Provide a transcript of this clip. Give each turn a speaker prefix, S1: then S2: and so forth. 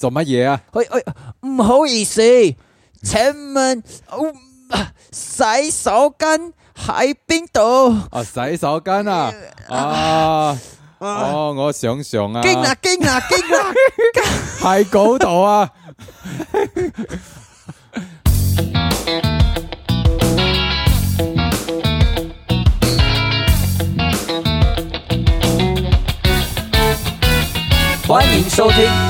S1: 做乜嘢啊？
S2: 哎哎，唔好意思，請問，哦，洗手間喺邊度？
S1: 啊，洗手間啊，啊，哦，我想想啊，驚啊驚啊
S2: 驚啊，喺嗰度啊！
S3: 歡迎收聽。